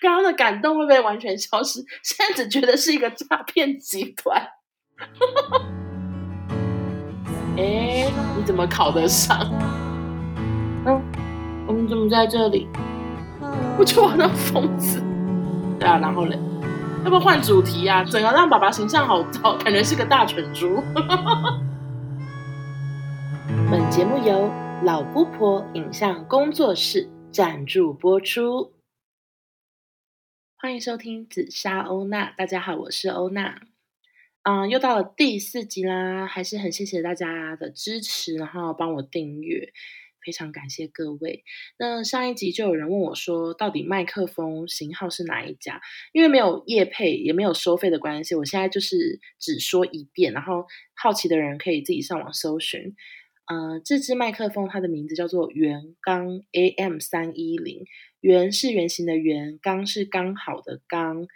剛剛的感動會被完全消失，現在只覺得是一個詐騙集團。哎， 你怎麼考得上？嗯，我們怎麼在這裡？我操，那瘋子！對啊，然後嘞，要不要換主題啊？整個讓爸爸形象好糟，感覺是個大蠢豬。 本節目由老姑婆影像工作室贊助播出。歡迎收聽紫砂歐娜，大家好，我是歐娜，嗯，又到了第四集啦，還是很謝謝大家的支持，然後幫我訂閱，非常感謝各位。那上一集就有人問我說，到底麥克風型號是哪一家？因為沒有業配，也沒有收費的關係，我現在就是只說一遍，然後好奇的人可以自己上網搜尋。呃，這只麥克風它的名字叫做圓剛 AM 三一零，圓是圓形的圓，剛是剛好的剛。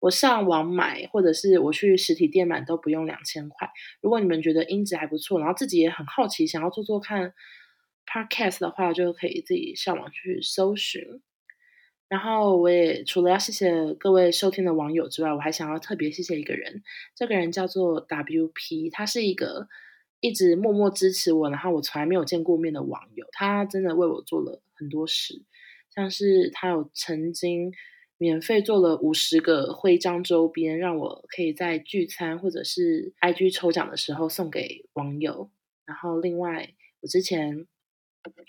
我上網買或者是我去實體店買都不用兩千塊。如果你們覺得音質還不錯，然後自己也很好奇想要做做看 podcast 的話，就可以自己上網去搜尋。然後我也除了要謝謝各位收聽的網友之外，我還想要特別謝謝一個人，這個人叫做 WP，他是一個。一直默默支持我，然後我從來沒有見過面的網友，他真的為我做了很多事，像是他有曾經免費做了五十個徽章周邊，讓我可以在聚餐或者是 IG 抽獎的時候送給網友。然後另外，我之前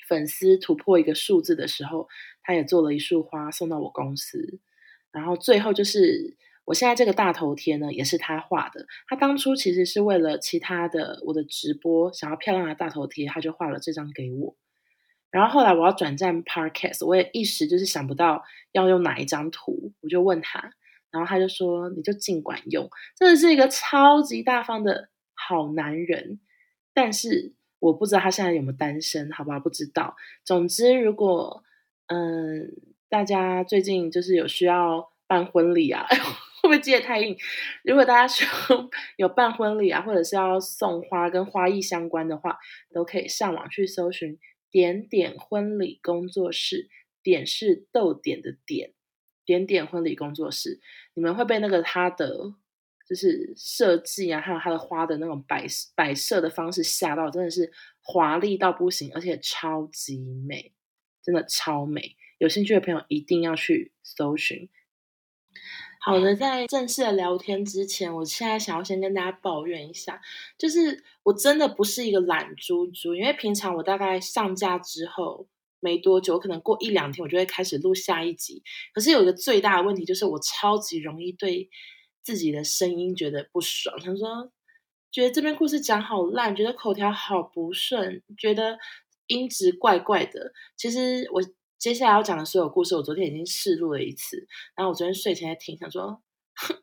粉絲突破一個數字的時候，他也做了一束花送到我公司。然後最後就是。我現在這個大頭貼呢，也是他畫的。他當初其實是為了其他的我的直播，想要漂亮的大頭貼，他就畫了這張給我。然後後來我要轉戰 podcast，我也一時就是想不到要用哪一張圖，我就問他，然後他就說：“你就儘管用。”真的是一個超級大方的好男人。但是我不知道他現在有沒有單身，好吧，不知道。總之，如果嗯、呃、大家最近就是有需要辦婚禮啊。 會不會接得太硬？如果大家需要有辦婚禮啊，或者是要送花跟花藝相關的話，都可以上網去搜尋“點點婚禮工作室”，點是逗點的點，點點婚禮工作室，你們會被那個他的就是設計啊，還有他的花的那種擺擺設的方式嚇到，真的是華麗到不行，而且超級美，真的超美，有興趣的朋友一定要去搜尋。好的，在正式的聊天之前，我現在想要先跟大家抱怨一下，就是我真的不是一個懶豬豬，因為平常我大概上架之後沒多久，可能過一兩天我就會開始錄下一集。可是有一個最大的問題，就是我超級容易對自己的聲音覺得不爽，想說覺得這篇故事講好爛，覺得口條好不順，覺得音質怪怪的。其實我。接下來要講的所有故事，我昨天已經試錄了一次，然後我昨天睡前也挺想說哼，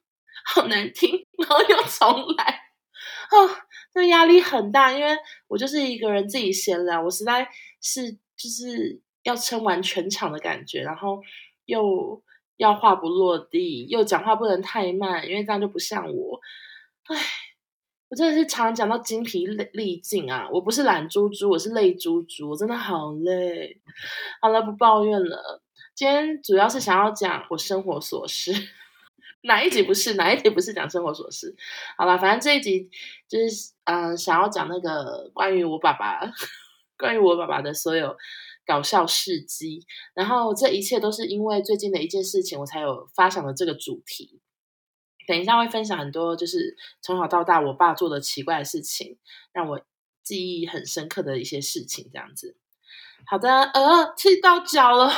好難聽，然後又重來，啊，那壓力很大，因為我就是一個人自己閒來，我實在是就是要撐完全場的感覺，然後又要話不落地，又講話不能太慢，因為這樣就不像我，唉。我真的是常講到精疲力盡啊！我不是懶豬豬，我是累豬豬，我真的好累。好了，不抱怨了。今天主要是想要講我生活瑣事，哪一集不是，哪一集不是講生活瑣事？好吧，反正這一集就是嗯、呃，想要講那個關於我爸爸，關於我爸爸的所有搞笑事跡。然後這一切都是因為最近的一件事情，我才有發想了這個主題。等一下會分享很多，就是從小到大我爸做的奇怪的事情，讓我記憶很深刻的一些事情，這樣子。好的，呃，踢到腳了，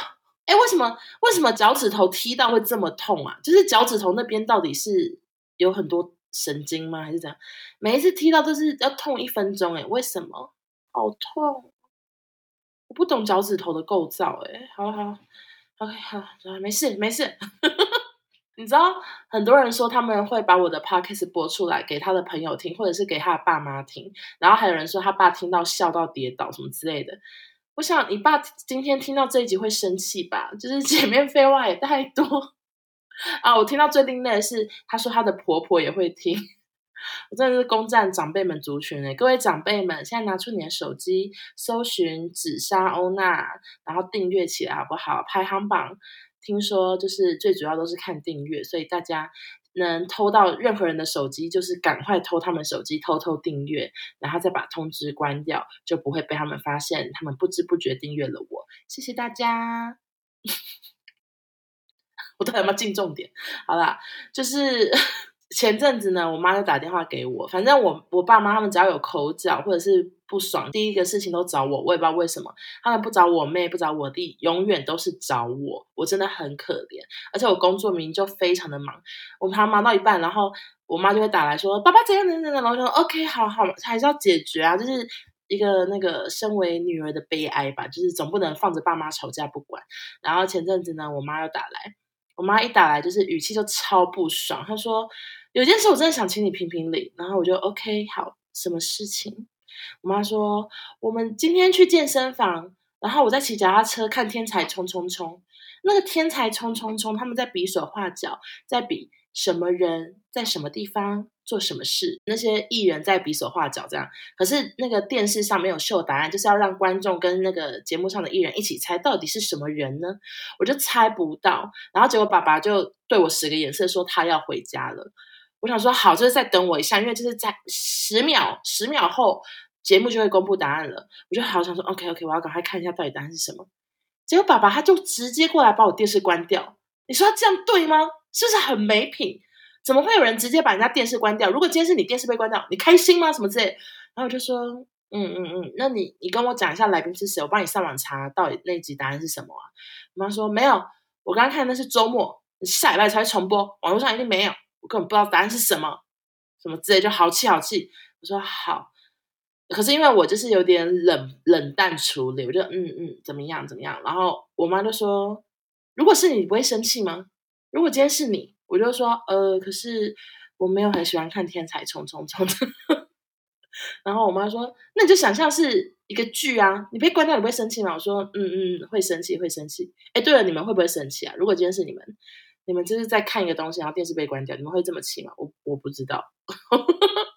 哎，為什麼？為什麼腳趾頭踢到會這麼痛啊？就是腳趾頭那邊到底是有很多神經嗎？還是怎樣？每一次踢到都是要痛一分鐘、欸，哎，為什麼？好痛！我不懂腳趾頭的構造、欸，哎，好了好了，OK，好了，沒事沒事。 你知道很多人說他們會把我的 podcast 播出來給他的朋友聽，或者是給他的爸媽聽，然後還有人說他爸聽到笑到跌倒什麼之類的。我想你爸今天聽到這一集會生氣吧？就是前面廢話也太多啊！我聽到最另類的是他說他的婆婆也會聽，我真的是攻占長輩們族群呢。各位長輩們，現在拿出你的手機搜尋紫砂歐娜，然後訂閱起來好不好？排行榜。聽說就是最主要都是看訂閱，所以大家能偷到任何人的手機，就是趕快偷他們手機，偷偷訂閱，然後再把通知關掉，就不會被他們發現。他們不知不覺訂閱了我，謝謝大家。 我到底有沒有進重點？好啦，就是。前陣子呢，我媽就打電話給我。反正我我爸媽他們只要有口角或者是不爽，第一個事情都找我。我也不知道為什麼他們不找我妹，不找我弟，永遠都是找我。我真的很可憐，而且我工作明明就非常的忙，我怕忙到一半，然後我媽就會打來說：“爸爸怎樣怎樣怎樣。樣樣”然後就說：“OK，好好，還是要解決啊。”就是一個那個身為女兒的悲哀吧，就是總不能放着爸媽吵架不管。然後前陣子呢，我媽又打來。我媽一打來就是語氣就超不爽，她說，有件事我真的想請你評評理。然後我就 OK 好，什麼事情？我媽說，我們今天去健身房，然後我在騎腳踏車，車看《天才衝冲衝》，那個《天才衝冲衝》，他們在比手畫腳，在比。什麼人在什麼地方做什麼事？那些藝人在比手畫腳這樣，可是那個電視上沒有秀答案，就是要讓觀眾跟那個節目上的藝人一起猜，到底是什麼人呢？我就猜不到。然後結果爸爸就對我使個眼色，說他要回家了。我想說好，就是再等我一下，因為就是在十秒十秒後節目就會公布答案了。我就好想說 OK OK，我要趕快看一下到底答案是什麼。結果爸爸他就直接過來把我電視關掉。你說他這樣對嗎？是不是很沒品？怎麼會有人直接把人家電視關掉？如果今天是你電視被關掉，你開心嗎？什麼之類？然後我就說，嗯嗯嗯，那你你跟我講一下來賓是誰，我幫你上網查到底那集答案是什麼啊。我媽說沒有，我剛剛看的那是周末，你下禮拜才會重播，網絡上一定沒有，我根本不知道答案是什麼，什麼之類，就好氣好氣。我說好，可是因為我就是有點冷冷淡處理，我就嗯嗯怎麼樣怎麼樣。然後我媽就說，如果是你，你不會生氣嗎？如果今天是你，我就說，呃，可是我沒有很喜歡看《天才衝衝衝》的。 然後我媽說：“那你就想象是一個劇啊，你被關掉，你不會生氣嗎？”我說：“嗯嗯，會生氣，會生氣。”哎，對了，你們會不會生氣啊？如果今天是你們，你們就是在看一個東西，然後電視被關掉，你們會這麼氣嗎？我我不知道。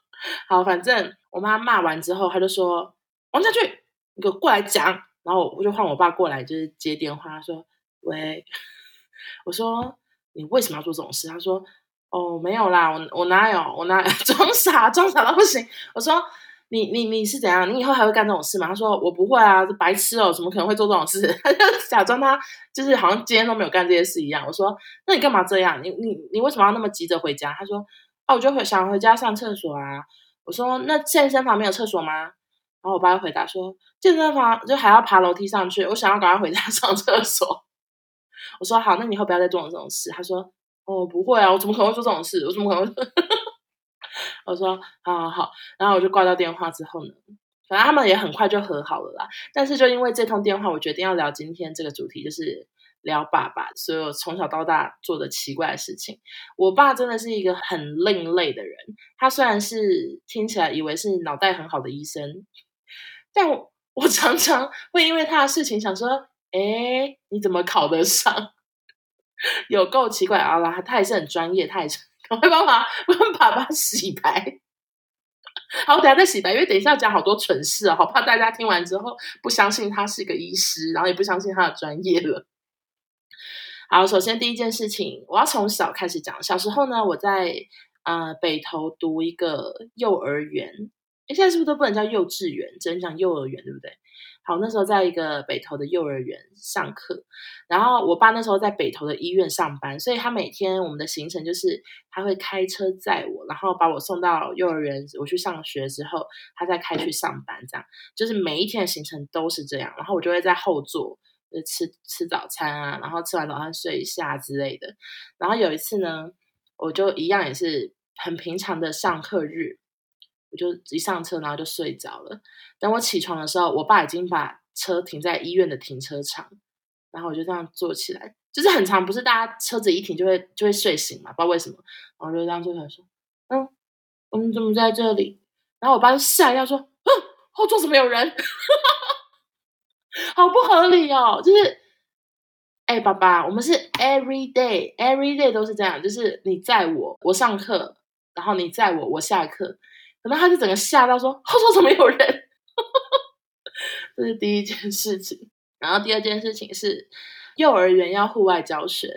好，反正我媽罵完之後，她就說：“王家俊，你給我過來講。”然後我就換我爸過來，就是接電話，說：“喂。”我說。你為什麼要做這種事？他說：“哦，沒有啦，我我哪有，我哪有裝傻裝傻到不行。”我說：“你你你是怎樣？你以後還會幹這種事嗎？”他說：“我不會啊，這白痴哦，怎麼可能會做這種事？”他 就假裝他就是好像今天都沒有幹這些事一樣。我說：“那你幹嘛這樣？你你你為什麼要那麼急着回家？”他說：“啊、哦，我就會想回家上廁所啊。”我說：“那健身房沒有廁所嗎？”然後我爸就回答說：“健身房就還要爬樓梯上去，我想要趕快回家上廁所。”我說好，那你以後不要再做這種事。他說哦，不會啊，我怎麼可能會做這種事？我怎麼可能會？ 我說好、啊、好，好。然後我就掛掉電話之後呢，反正他們也很快就和好了啦。但是就因為這通電話，我決定要聊今天這個主題，就是聊爸爸。所以我從小到大做的奇怪的事情，我爸真的是一個很另類的人。他雖然是聽起來以為是腦袋很好的醫生，但我我常常會因為他的事情想說。誒，你怎麼考得上？有夠奇怪啊！啦，他也是很專業，他也是趕快幫忙幫爸爸洗白。好，我等一下再洗白，因為等一下要講好多蠢事哦，好怕大家聽完之後不相信他是一個醫師，然後也不相信他的專業了。好，首先第一件事情，我要從小開始講。小時候呢，我在啊、呃、北投讀一個幼兒園，現在是不是都不能叫幼稚園，只能講幼兒園，對不對？好，那時候在一個北投的幼兒園上課，然後我爸那時候在北投的醫院上班，所以他每天我們的行程就是他會開車載我，然後把我送到幼兒園，我去上學之後，他再開去上班，這樣就是每一天的行程都是這樣，然後我就會在後座吃吃早餐啊，然後吃完早餐睡一下之類的，然後有一次呢，我就一樣也是很平常的上課日。我就一上車，然後就睡着了。等我起床的時候，我爸已經把車停在醫院的停車場。然後我就這樣坐起來，就是很常，不是大家車子一停就會就會睡醒嘛？不知道為什麼，然後我就這樣坐起來說：“嗯，我們怎麼在這裡？”然後我爸就嚇一跳說：“後座怎麼有人？哈哈哈，好不合理哦！”就是，哎、欸，爸爸，我們是 every day every day 都是這樣，就是你載我我上課，然後你載我我下課。可能他就整個嚇到說，說後頭怎麼有人？ 這是第一件事情。然後第二件事情是幼兒園要戶外教學，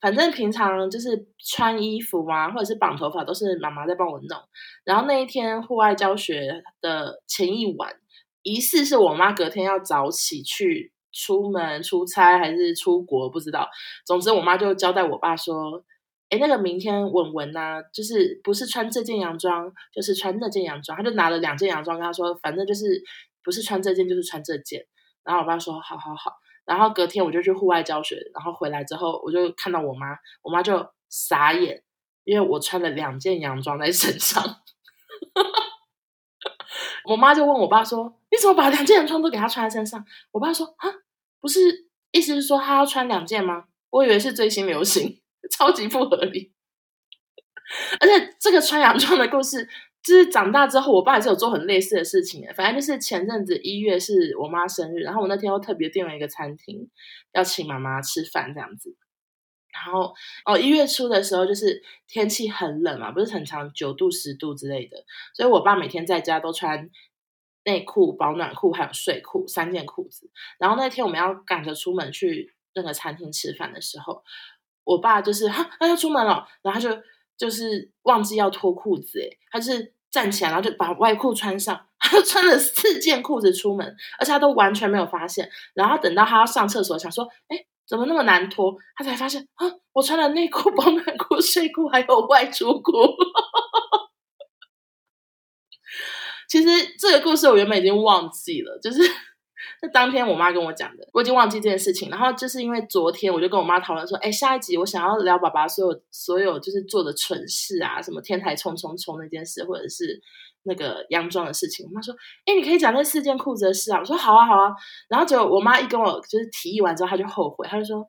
反正平常就是穿衣服啊，或者是綁頭髮都是媽媽在幫我弄。然後那一天戶外教學的前一晚，疑似是我媽隔天要早起去出門出差還是出國，不知道。總之，我媽就交代我爸說。哎，那個明天文文吶，就是不是穿這件洋裝，就是穿那件洋裝。他就拿了兩件洋裝跟他說，反正就是不是穿這件就是穿這件。然後我爸說，好好好。然後隔天我就去戶外教學，然後回來之後我就看到我媽，我媽就傻眼，因為我穿了兩件洋裝在身上。 我媽就問我爸說，你怎麼把兩件洋裝都給他穿在身上？我爸說，啊，不是，意思是說他要穿兩件嗎？我以為是最新流行。超級不合理，而且這個穿洋裝的故事，就是長大之後我爸也是有做很類似的事情的。反正就是前陣子一月是我媽生日，然後我那天又特別訂了一個餐廳，要請媽媽吃飯這樣子。然後哦，一月初的時候就是天氣很冷嘛，不是很常九度十度之類的，所以我爸每天在家都穿內褲、保暖褲還有睡褲三件褲子。然後那天我們要趕着出門去那個餐廳吃飯的時候。我爸就是哈，他、啊、就出門了，然後他就就是忘記要脫褲子，欸，誒他就是站起來，然後就把外褲穿上，他就穿了四件褲子出門，而且他都完全沒有發現。然後等到他要上廁所，想說，誒、欸、怎麼那麼難脫？他才發現啊，我穿了內褲、保暖褲、睡褲，還有外出褲。 其實這個故事我原本已經忘記了，就是。那當天我媽跟我講的，我已經忘記這件事情。然後就是因為昨天我就跟我媽討論說，哎、欸，下一集我想要聊爸爸所有所有就是做的蠢事啊，什麼天台衝衝衝那件事，或者是那個洋裝的事情。我媽說，哎、欸，你可以講那四件褲子的事啊。我說好啊好啊。然後結果我媽一跟我就是提議完之後，她就後悔，她就說，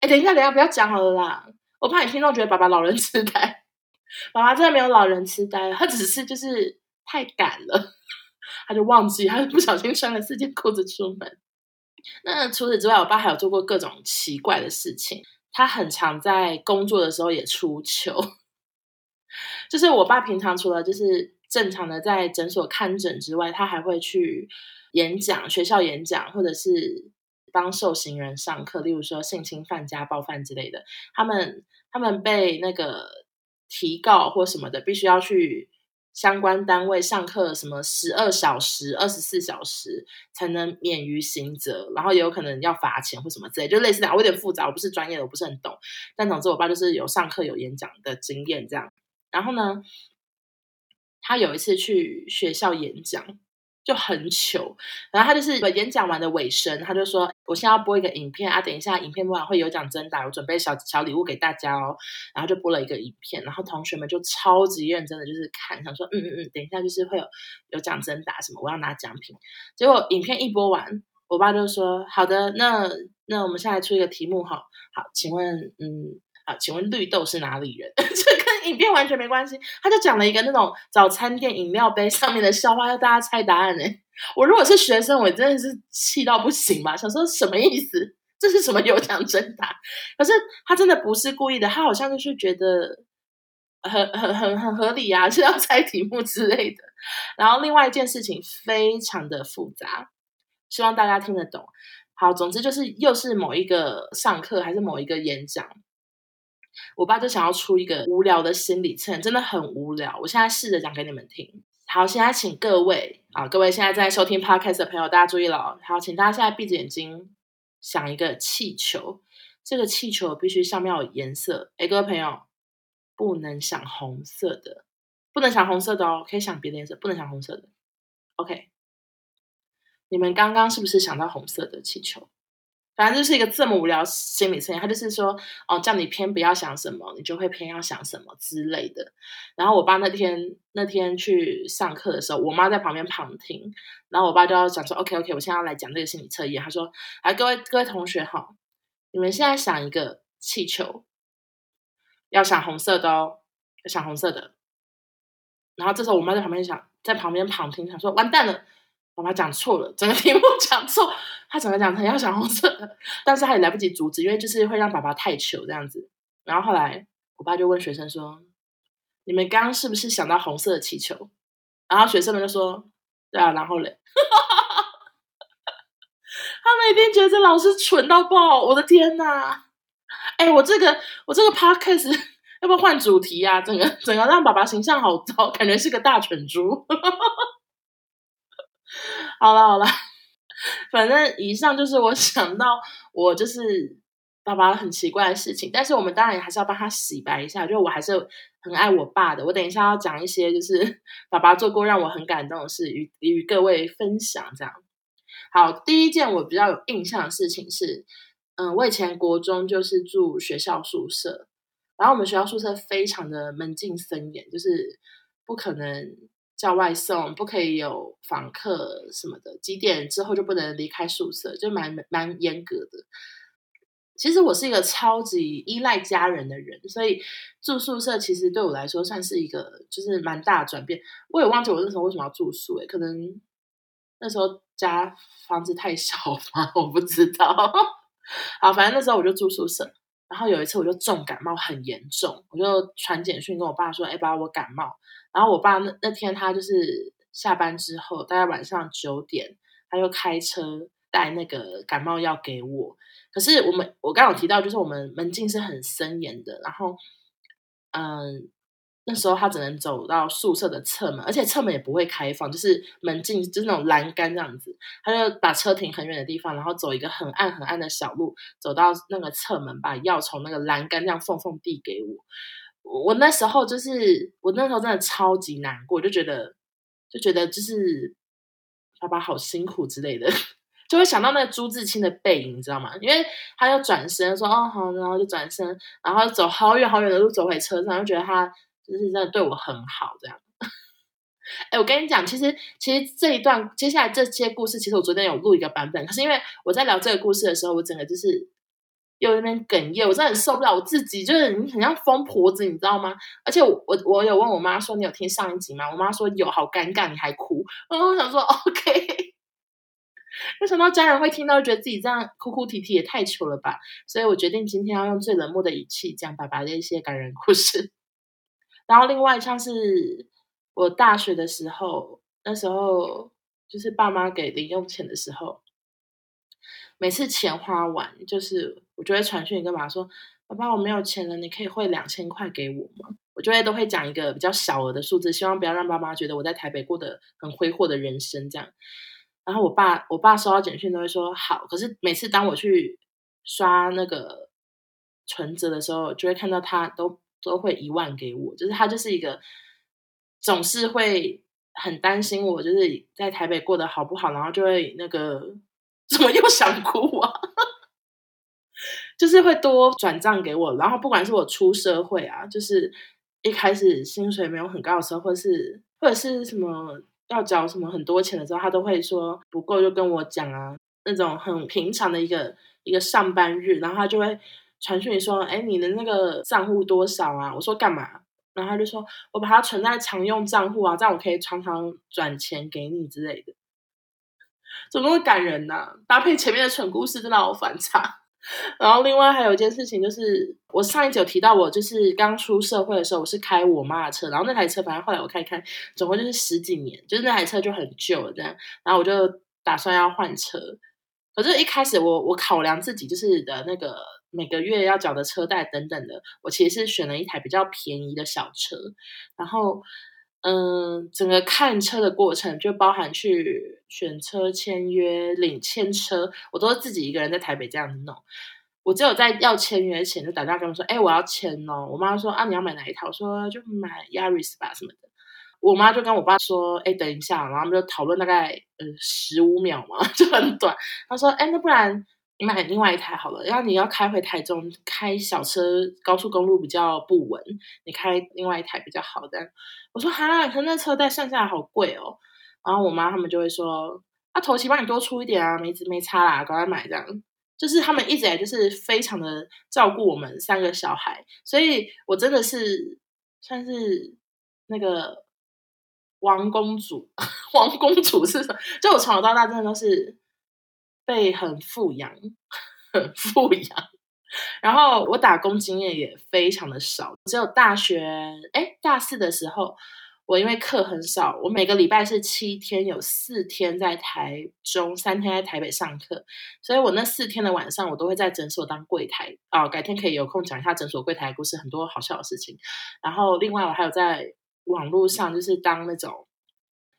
哎、欸，等一下等一下，不要講好了啦，我怕你聽到覺得爸爸老人癡呆。爸爸真的沒有老人癡呆，他只是就是太趕了。他就忘記，他就不小心穿了四件褲子出門。那除此之外，我爸還有做過各種奇怪的事情。他很常在工作的時候也出糗，就是我爸平常除了就是正常的在診所看診之外，他還會去演講、學校演講，或者是幫受刑人上課，例如說性侵犯、家暴犯之類的。他們他們被那個提告或什麼的，必須要去。相關單位上課什麼十二小時、二十四小時才能免於刑責，然後也有可能要罰錢或什麼之類的，就類似這樣，我有點複雜，我不是專業的，我不是很懂。但總之，我爸就是有上課、有演講的經驗這樣。然後呢，他有一次去學校演講。就很糗，然後他就是演講完的尾聲，他就說：“我現在要播一個影片啊，等一下影片播完會有獎徵答，我準備小小禮物給大家哦。”然後就播了一個影片，然後同學們就超級認真的就是看，想說：“嗯嗯嗯，等一下就是會有有獎徵答什麼，我要拿獎品。”結果影片一播完，我爸就說：“好的，那那我們下來出一個題目哈，好，請問，嗯。”請問綠豆是哪裡人？這 跟影片完全沒關係。他就講了一個那種早餐店飲料杯上面的笑話，要大家猜答案呢。我如果是學生，我真的是氣到不行吧？想說什麼意思？這是什麼有獎徵答？可是他真的不是故意的，他好像就是覺得很很很很合理啊，是要猜題目之類的。然後另外一件事情非常的複雜，希望大家聽得懂。好，總之就是又是某一個上課還是某一個演講。我爸就想要出一個無聊的心理測，真的很無聊。我現在試着講給你們聽。好，現在請各位啊，各位現在在收聽 Podcast 的朋友，大家注意了，好，請大家現在閉着眼睛想一個氣球，這個氣球必須上面有顏色。誒，各位朋友，不能想紅色的，不能想紅色的哦，可以想別的顏色，不能想紅色的。OK，你們剛剛是不是想到紅色的氣球？反正就是一個這麼無聊心理測驗，他就是說哦，叫你偏不要想什麼，你就會偏要想什麼之類的。然後我爸那天那天去上課的時候，我媽在旁邊旁聽，然後我爸就要講說，OK OK，我現在要來講這個心理測驗。他說，哎，各位各位同學好、哦，你們現在想一個氣球，要想紅色的哦，想紅色的。然後這時候我媽在旁邊想，在旁邊旁聽，她說完蛋了。我爸，爸講錯了，整個題目講錯，他整個講他要想紅色的，但是他也來不及阻止，因為就是會讓爸爸太糗這樣子。然後後來我爸就問學生說：“你們剛剛是不是想到紅色的氣球？”然後學生們就說：“對啊。”然後嘞， 他們一定覺得老師蠢到爆！我的天哪，哎，我這個我這個 podcast 要不要換主題啊？整個整個讓爸爸形象好糟，感覺是個大蠢豬。好了好了，反正以上就是我想到我就是爸爸很奇怪的事情，但是我們當然還是要幫他洗白一下，就我還是很愛我爸的。我等一下要講一些就是爸爸做過讓我很感動的事，與與各位分享。這樣好，第一件我比較有印象的事情是，嗯，我以前國中就是住學校宿舍，然後我們學校宿舍非常的門禁森嚴，就是不可能。叫外送，不可以有訪客什麼的。幾點之後就不能離開宿舍，就蠻蠻嚴格的。其實我是一個超級依賴家人的人，所以住宿舍其實對我來說算是一個就是蠻大的轉變。我也忘記我那時候為什麼要住宿誒、欸，可能那時候家房子太小吧，我不知道。好，反正那時候我就住宿舍。然後有一次我就重感冒很嚴重，我就傳簡訊跟我爸說：“哎，爸，我感冒。”然後我爸那那天他就是下班之後大概晚上九點，他就開車帶那個感冒藥給我。可是我們我剛剛有提到就是我們門禁是很森嚴的，然後嗯。呃那時候他只能走到宿舍的側門，而且側門也不會開放，就是門禁就是那種欄杆這樣子。他就把車停很遠的地方，然後走一個很暗很暗的小路，走到那個側門，把藥從那個欄杆這樣縫縫遞遞給我。我那時候就是我那時候真的超級難過，就覺得就覺得就是爸爸好辛苦之類的， 就會想到那個朱自清的背影，你知道嗎？因為他要轉身說哦好，然後就轉身，然後走好遠好遠的路走回車上，就覺得他。就是真的對我很好這樣哎、欸，我跟你講，其實其實這一段接下來這些故事，其實我昨天有錄一個版本，可是因為我在聊這個故事的時候，我整個就是又有點哽咽，我真的受不了我自己就，就是你很像瘋婆子，你知道嗎？而且我我，我有問我媽說，你有聽上一集嗎？我媽說有，好尷尬，你還哭。我想說 OK，為什麼家人會聽到，覺得自己這樣哭哭啼啼也太糗了吧。所以我決定今天要用最冷漠的語氣講爸爸的一些感人故事。然後另外像是我大學的時候，那時候就是爸媽給零用錢的時候，每次錢花完，就是我就會傳訊給爸媽說：“爸爸，我沒有錢了，你可以匯兩千塊給我嗎？”我就會都會講一個比較小額的數字，希望不要讓爸媽覺得我在台北過得很揮霍的人生這樣。然後我爸我爸收到簡訊都會說好，可是每次當我去刷那個存摺的時候，就會看到他都都會一萬給我，就是他就是一個總是會很擔心我，就是在台北過得好不好，然後就會那個怎麼又想哭啊？ 就是會多轉賬給我，然後不管是我出社會啊，就是一開始薪水沒有很高的時候，或者是或者是什麼要繳什麼很多錢的時候，他都會說不夠就跟我講啊。那種很平常的一個一個上班日，然後他就會。傳訊息說：“哎、欸，你的那個賬戶多少啊？”我說：“幹嘛？”然後他就說：“我把它存在常用賬戶啊，這樣我可以常常轉錢給你之類的。”怎麼會感人呢、啊？搭配前面的蠢故事，真的好反差。然後另外還有一件事情就是，我上一集有提到，我就是剛出社會的時候，我是開我媽的車，然後那台車反正後來我開開，總共就是十幾年，就是那台車就很舊了這樣。然後我就打算要換車，可是一開始我我考量，自己就是的那個。每個月要繳的車貸等等的，我其實是選了一台比較便宜的小車，然後，嗯、呃，整個看車的過程就包含去選車、簽約、領簽車，我都是自己一個人在台北這樣子弄。我只有在要簽約前，就打電話跟我說：“哎、欸，我要簽哦。”我媽說：“啊，你要買哪一套？”我說：“就買 Yaris 吧，什麼的。”我媽就跟我爸說：“哎、欸，等一下。”然後他們就討論大概呃十五秒嘛，就很短。他說：“哎、欸，那不然。”你買另外一台好了，然後你要開回台中，開小車高速公路比較不穩，你開另外一台比較好的。我說哈，可那車貸算下來好貴哦。然後我媽他們就會說，那、啊、頭期幫你多出一點啊，沒值沒差啦，趕快買這樣。就是他們一直就是非常的照顧我們三個小孩，所以我真的是算是那個王公主，王公主是，什麼？就我從小到大真的都是。會很富養，很富養，然後我打工經驗也非常的少，只有大學，哎，大四的時候，我因為課很少，我每個禮拜是七天，有四天在台中，三天在台北上課，所以我那四天的晚上，我都會在診所當櫃台，哦，改天可以有空講一下診所櫃台的故事，很多好笑的事情。然後另外我還有在網絡上，就是當那種。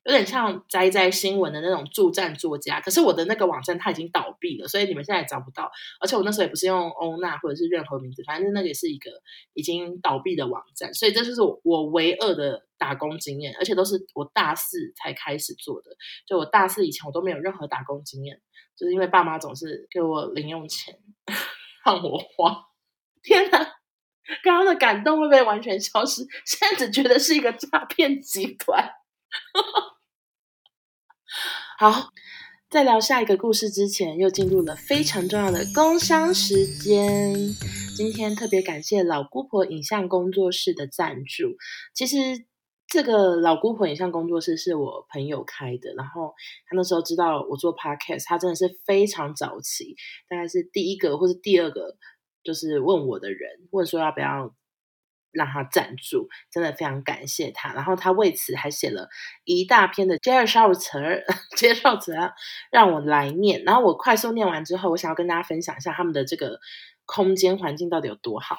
有點像齋齋新聞的那種駐站作家。可是我的那個網站它已經倒閉了，所以你們現在也找不到。而且我那時候也不是用歐娜或者是任何名字，反正那個也是一個已經倒閉的網站，所以這就是我，我唯二的打工經驗，而且都是我大四才開始做的。就我大四以前我都沒有任何打工經驗，就是因為爸媽總是給我零用錢讓我花。天哪、啊！剛剛的感動會被完全消失，現在只覺得是一個詐騙集團。好，在聊下一個故事之前，又進入了非常重要的工商時間。今天特別感謝老姑婆影像工作室的贊助。其實，這個老姑婆影像工作室是我朋友開的，然後他那時候知道我做 Podcast，他真的是非常早期，大概是第一個或是第二個，就是問我的人，問說要不要，讓他贊助，真的非常感謝他。然後他為此還寫了一大篇的介紹詞，介紹詞讓我來念。然後我快速念完之後，我想要跟大家分享一下他們的這個空間環境到底有多好。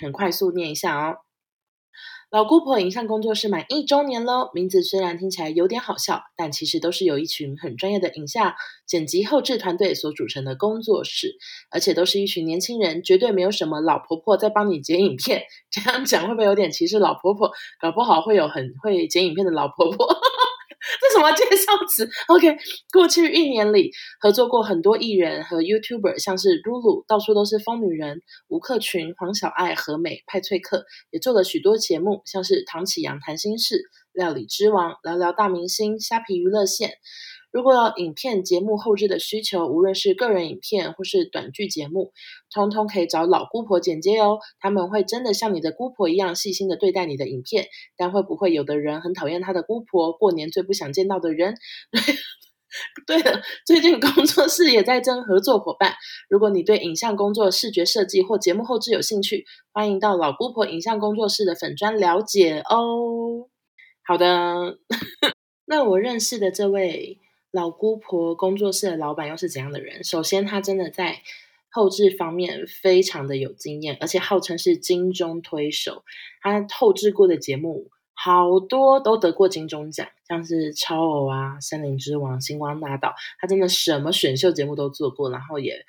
很快速念一下哦。老姑婆影像工作室滿一周年嘍！名字雖然聽起來有點好笑，但其實都是由一群很專業的影像剪輯後製團隊所組成的工作室，而且都是一群年輕人，絕對沒有什麼老婆婆在幫你剪影片。這樣講會不會有點歧視老婆婆？搞不好會有很會剪影片的老婆婆。這什麼介紹詞？OK，過去一年裡合作過很多藝人和 YouTuber，像是 Lulu、到處都是瘋女人、吳克群、黃小愛、何美、派翠克，也做了許多節目，像是唐綺陽談星室、料理之王、聊聊大明星、蝦皮娛樂線。如果影片、節目後製的需求，無論是個人影片或是短劇節目，通通可以找老姑婆剪接哦。他們會真的像你的姑婆一樣細心地對待你的影片。但會不會有的人很討厭他的姑婆？過年最不想見到的人。對，對了，最近工作室也在徵合作夥伴。如果你對影像工作、視覺設計或節目後製有興趣，歡迎到老姑婆影像工作室的粉專了解哦。好的， 那我認識的這位。老姑婆工作室的老闆又是怎樣的人？首先，他真的在後製方面非常的有經驗，而且號稱是金鐘推手。他後製過的節目好多都得過金鐘獎，像是《超偶》啊，《聲林之王》、《星光大道》。他真的什麼選秀節目都做過，然後也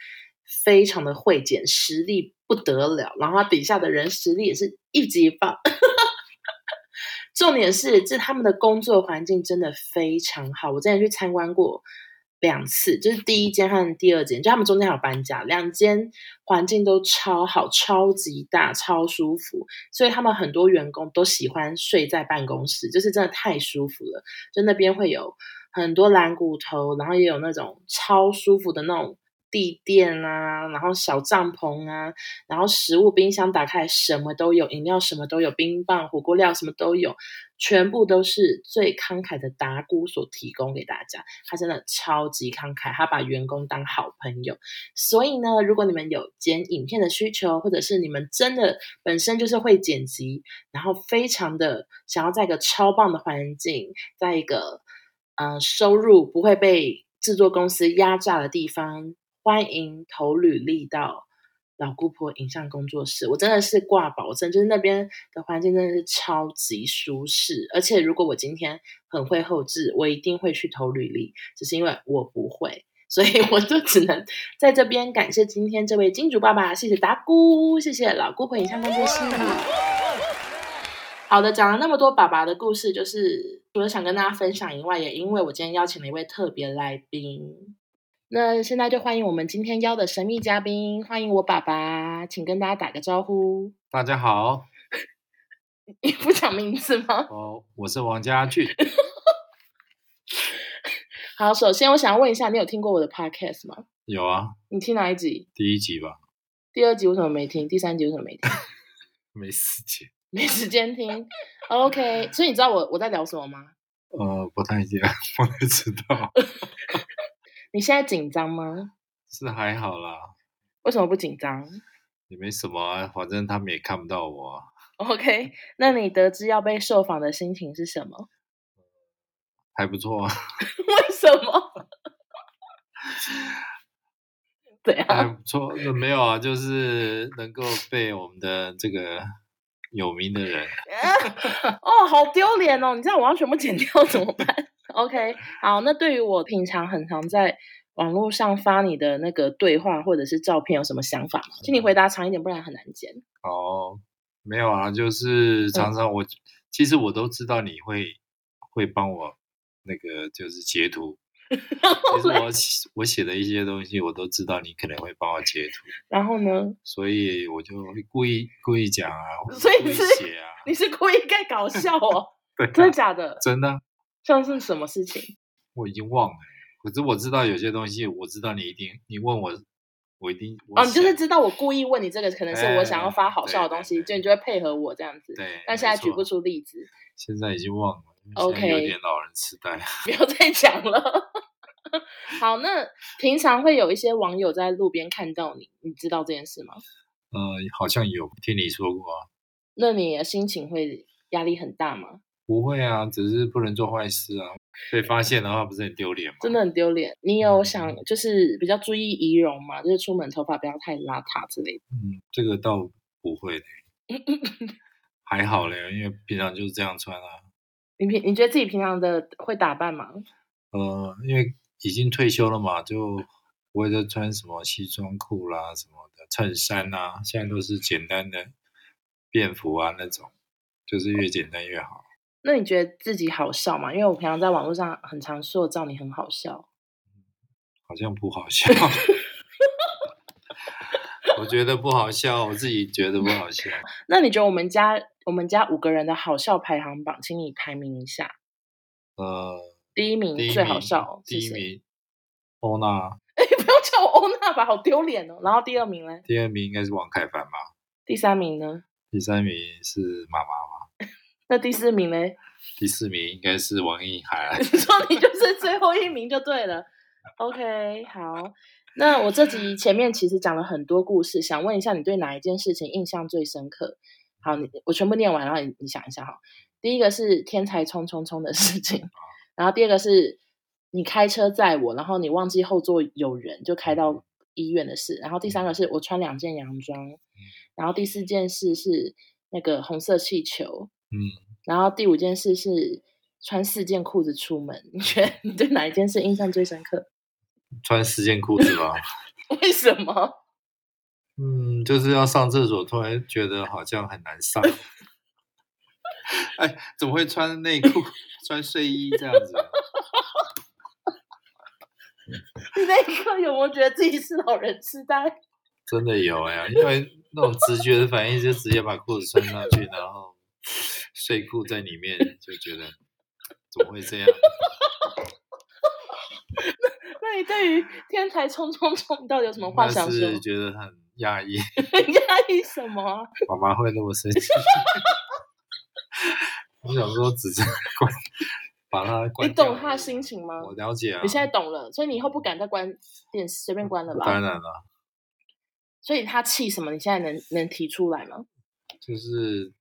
非常的會剪，實力不得了。然後他底下的人實力也是一級棒。重點是，就他們的工作環境真的非常好。我之前去參觀過兩次，就是第一間和第二間，就他們中間有搬家，兩間環境都超好，超級大，超舒服。所以他們很多員工都喜歡睡在辦公室，就是真的太舒服了。就那邊會有很多懶骨頭，然後也有那種超舒服的那種。地墊啊，然後小帳篷啊，然後食物冰箱打開，什麼都有，飲料什麼都有，冰棒、火鍋料什麼都有，全部都是最慷慨的達菇所提供給大家。他真的超級慷慨，他把員工當好朋友。所以呢，如果你們有剪影片的需求，或者是你們真的本身就是會剪輯，然後非常的想要在一個超棒的環境，在一個嗯、呃、收入不會被制作公司壓榨的地方。歡迎投履歷到老姑婆影像工作室，我真的是掛保證，就是那邊的環境真的是超級舒適，而且如果我今天很會後製，我一定會去投履歷，只是因為我不會，所以我就只能在這邊感謝今天這位金主爸爸，謝謝達菇，謝謝老姑婆影像工作室好。好的，講了那麼多爸爸的故事，就是除了想跟大家分享以外，也因為我今天邀請了一位特別來賓。那現在就歡迎我們今天邀的神秘嘉賓，歡迎我爸爸，請跟大家打個招呼。大家好，你不講名字嗎？哦，我是王家俊。 好，首先我想問一下，你有聽過我的 podcast 嗎？有啊。你聽哪一集？第一集吧。第二集為什麼沒聽？第三集為什麼沒聽？ 沒時間，沒時間聽。OK，所以你知道我我在聊什麼嗎？呃，不太一樣，我也不知道。 你現在緊張嗎？是還好啦。為什麼不緊張？也沒什麼啊，反正他們也看不到我。OK，那你得知要被受訪的心情是什麼？還不錯。為什麼？對啊。還不錯，那對沒有啊，就是能夠被我們的這個有名的人。 哦，好丟臉哦！你知道我要全部剪掉怎麼辦？ OK，好，那對於我平常很常在網絡上發你的那個對話或者是照片，有什麼想法嗎？嗯、請你回答長一點，不然很難剪。哦，沒有啊，就是常常我、嗯、其實我都知道你會會幫我那個就是截圖， 其實我 我寫的一些東西，我都知道你可能會幫我截圖。然後呢？所以我就會故意故意講啊，所以你是寫、啊、你是故意在搞笑哦？ 對、啊，真的假的？真的。上次什麼事情？我已經忘了，可是我知道有些東西，我知道你一定，你問我，我一定。我哦，你就是知道我故意問你這個，可能是我想要發好笑的東西，就你就會配合我這樣子。對，但現在錯舉不出例子。現在已經忘了，OK，有點老人痴呆了，okay, 不要再講了。 好，那平常會有一些網友在路邊看到你，你知道這件事嗎？嗯、呃、好像有聽你說過。那你的心情會壓力很大嗎？不會啊，只是不能做壞事啊。被發現的話，不是很丟臉嗎？真的很丟臉。你有想就是比較注意儀容嗎？嗯、就是出門頭髮不要太邋遢之類的。嗯，這個倒不會嘞， 還好嘞，因為平常就是這樣穿啊。你平，你覺得自己平常的會打扮嗎？呃，因為已經退休了嘛，就不會再穿什麼西裝褲啦什麼的，襯衫啦、啊，現在都是簡單的便服啊那種，就是越簡單越好。哦。那你覺得自己好笑嗎？因為我平常在網絡上很常說，我叫你很好笑，好像不好笑。我覺得不好笑，我自己覺得不好笑。 那你覺得我們家我們家五個人的好笑排行榜，請你排名一下。呃，第一名最好笑哦，第一名，誰第一名歐娜。哎，不要叫我歐娜吧，好丟臉哦。然後第二名呢？第二名應該是王凱帆吧？第三名呢？第三名是媽媽嗎？那第四名嘞？第四名應該是王一海。你說你就是最後一名就對了。 OK，好。那我這集前面其實講了很多故事，想問一下你對哪一件事情印象最深刻？好，你我全部念完，然後你你想一下哈。第一個是天才衝衝衝的事情，然後第二個是你開車載我，然後你忘記後座有人就開到醫院的事，然後第三個是我穿兩件洋裝，然後第四件事是那個紅色氣球。嗯，然後第五件事是穿四件褲子出門，你覺得對哪一件事印象最深刻？穿四件褲子吧。為什麼？嗯，就是要上廁所，突然覺得好像很難上。 哎，怎麼會穿內褲、穿睡衣這樣子、啊？ 你那一刻有沒有覺得自己是老人痴呆？真的有哎呀，因為那種直覺的反應就直接把褲子穿上去，然後。睡褲在裡面就覺得怎麼會這樣？那 那你對於天才衝衝衝到底有什麼話想說？是覺得很壓抑。壓抑 什麼？我媽會那麼生氣？ 我想說，直接把它關。他關你懂他的心情嗎？我了解啊。你現在懂了，所以你以後不敢再關電視，隨便關了吧？當然了。所以他氣什麼？你現在能能提出來嗎？就是。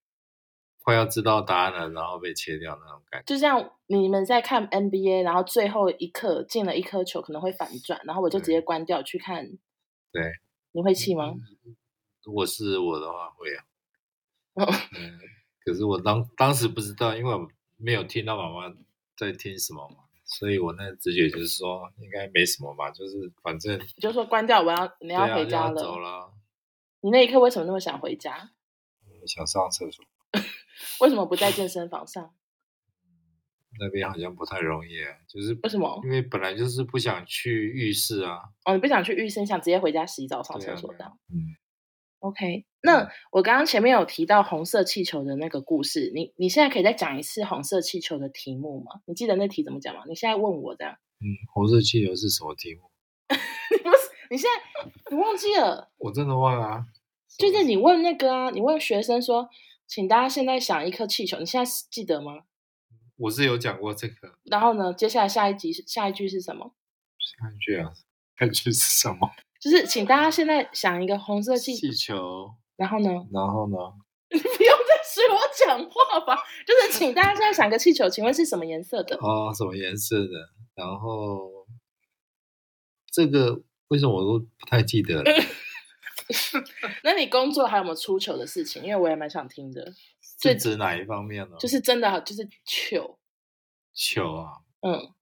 快要知道答案了，然後被切掉那種感覺，就像你們在看 NBA，然後最後一刻進了一顆球，可能會反轉，然後我就直接關掉去看。對，你會氣嗎？嗯？如果是我的話，會啊、哦嗯。可是我當當時不知道，因為我沒有聽到媽媽在聽什麼嘛，所以我那直覺就是說應該沒什麼吧，就是反正你就說關掉，我要你要回家了。走了。你那一刻為什麼那麼想回家？我想上廁所。為什麼不在健身房上？ 那邊好像不太容易、啊，就是為什麼？因為本來就是不想去浴室啊。哦，你不想去浴室，你想直接回家洗澡、上廁所的嗯。OK，那、嗯、我剛剛前面有提到紅色氣球的那個故事，你你現在可以再講一次紅色氣球的題目嗎？你記得那題怎麼講嗎？你現在問我這樣、啊。嗯，紅色氣球是什麼題目？ 你不是？你現在你忘記了？ 我真的忘了啊。就是你問那個啊，你問學生說。請大家現在想一顆氣球，你現在記得嗎？我是有講過這個。然後呢？接下來下一集是下一句是什麼？下一句啊，下一句是什麼？就是請大家現在想一個紅色氣球氣球。然後呢？然後呢？你不用再學我講話吧？就是請大家現在想個氣球， 請問是什麼顏色的？哦，什麼顏色的？然後這個為什麼我都不太記得了？ 那你工作還有沒有出糗的事情？因為我也蠻想聽的。是指哪一方面呢？就是真的，就是糗。糗啊！嗯。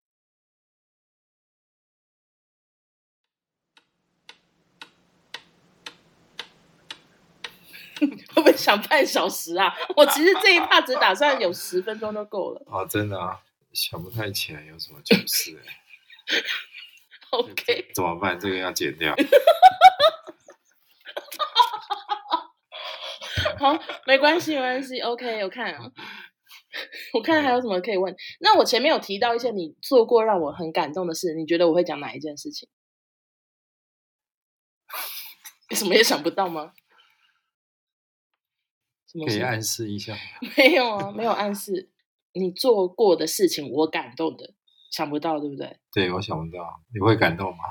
會不會想半小時啊！ 我其實這一趴只打算有十分鐘都夠了。啊，真的啊！想不太起來有什麼糗事，欸。 OK。怎麼辦？這個要剪掉。 好、哦，沒關係，沒關係。OK，我看啊，我看還有什麼可以問。嗯、那我前面有提到一些你做過讓我很感動的事，你覺得我會講哪一件事情？什麼也想不到嗎？可以暗示一下？沒有啊，沒有暗示。你做過的事情，我感動的 想不到，對不對？對，我想不到。你會感動嗎？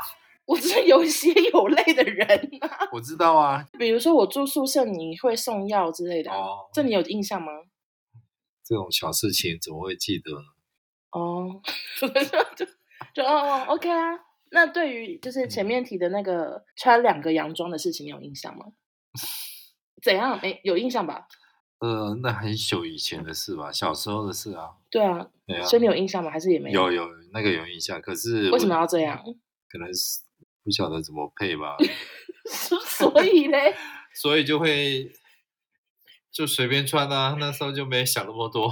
我只是有血有淚的人、啊，我知道啊。比如說我住宿舍，你會送藥之類的，哦。這你有印象嗎？這種小事情怎麼會記得呢？哦， 就就 哦，OK 啊。那對於就是前面提的那個穿兩個洋裝的事情，有印象嗎？嗯、怎樣？哎，有印象吧？呃，那很久以前的事吧，小時候的事啊。對啊，對啊，所以你有印象嗎？還是也沒有？有有那個有印象，可是為什麼要這樣？可能是。不曉得怎麼配吧， 所以嘞呢， 所以就會就隨便穿啊。那時候就沒想那麼多，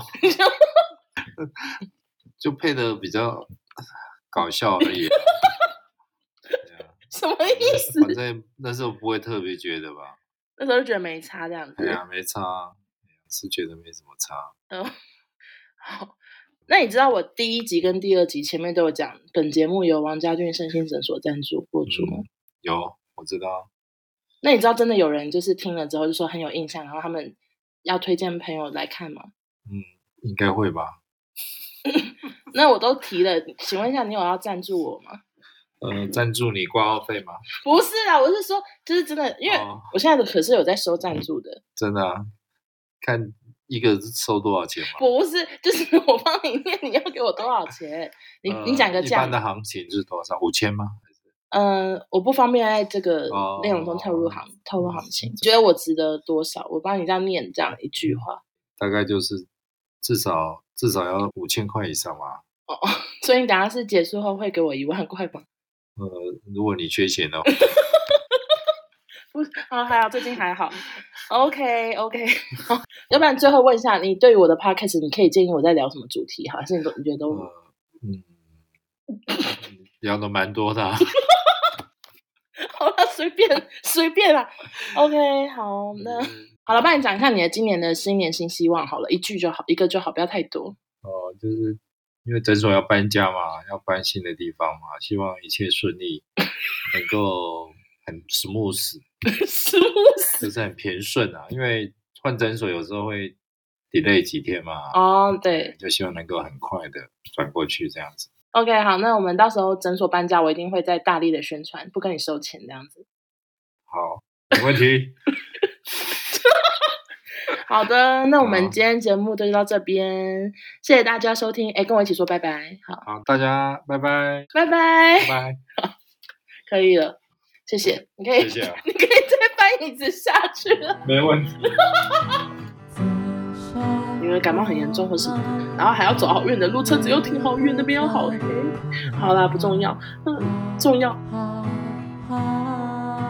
就配的比較搞笑而已，啊。 啊，什麼意思？反正那時候不會特別覺得吧。那時候就覺得沒差這樣子。對啊，沒差，是覺得沒什麼差。嗯。 那你知道我第一集跟第二集前面都有講，本節目由王家俊身心診所贊助播出嗎、嗯？有，我知道。那你知道真的有人就是聽了之後就說很有印象，然後他們要推薦朋友來看嗎？嗯，應該會吧。 那我都提了，請問一下，你有要贊助我嗎？嗯、呃，贊助你掛號費嗎？不是啦，我是說，就是真的，因為我現在可是有在收贊助的。哦、 真的啊，看。一個收多少錢嗎？不是，就是我幫你念，你要給我多少錢？你、呃、你講個價。一般的行情是多少？五千嗎？嗯、呃，我不方便在這個內容中透露行透露行情。嗯、覺得我值得多少？我幫你這樣念這樣一句話，大概就是至少至少要五千塊以上吧、啊嗯。哦，所以你等下是結束後會給我一萬塊吧？呃，如果你缺錢的話。 不啊，還好，最近還好。OK OK， 好，要不然最後問一下，你對於我的 Podcast，你可以建議我在聊什麼主題，還是你都你覺得都？嗯， 聊的蠻多的、啊。 好了，隨便隨便啦、啊。 OK，好那、嗯、好了，幫你講一下你的今年的新年新希望。好了，一句就好，一個就好，不要太多。哦、呃，就是因為診所要搬家嘛，要搬新的地方嘛，希望一切順利，能夠很 smooth。 就是很平順啊，因為換診所有時候會 delay 幾天嘛。哦，oh, 對，就希望能夠很快的轉過去這樣子。OK，好，那我們到時候診所搬家，我一定會再大力的宣傳，不跟你收錢這樣子。好，沒問題。 好的，那我們今天節目就到這邊，好謝謝大家收聽。哎、欸，跟我一起說拜拜。好，好，大家拜拜，拜拜 bye，拜拜 bye，好，可以了。謝謝，你可以，謝謝啊、你可以再搬椅子下去了。沒問題。 因為感冒很嚴重，或是然後還要走好遠的路，車子又停好遠的，那邊又好黑。好啦，不重要，嗯，重要。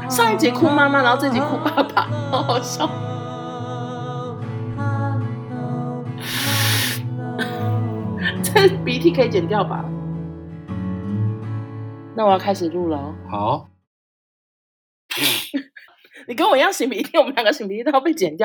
上一集哭媽媽，然後這一集哭爸爸，好好笑。 這鼻涕可以剪掉吧？那我要開始錄了哦。好。 你跟我一樣，擤鼻涕，我們兩個擤鼻涕都要被剪掉。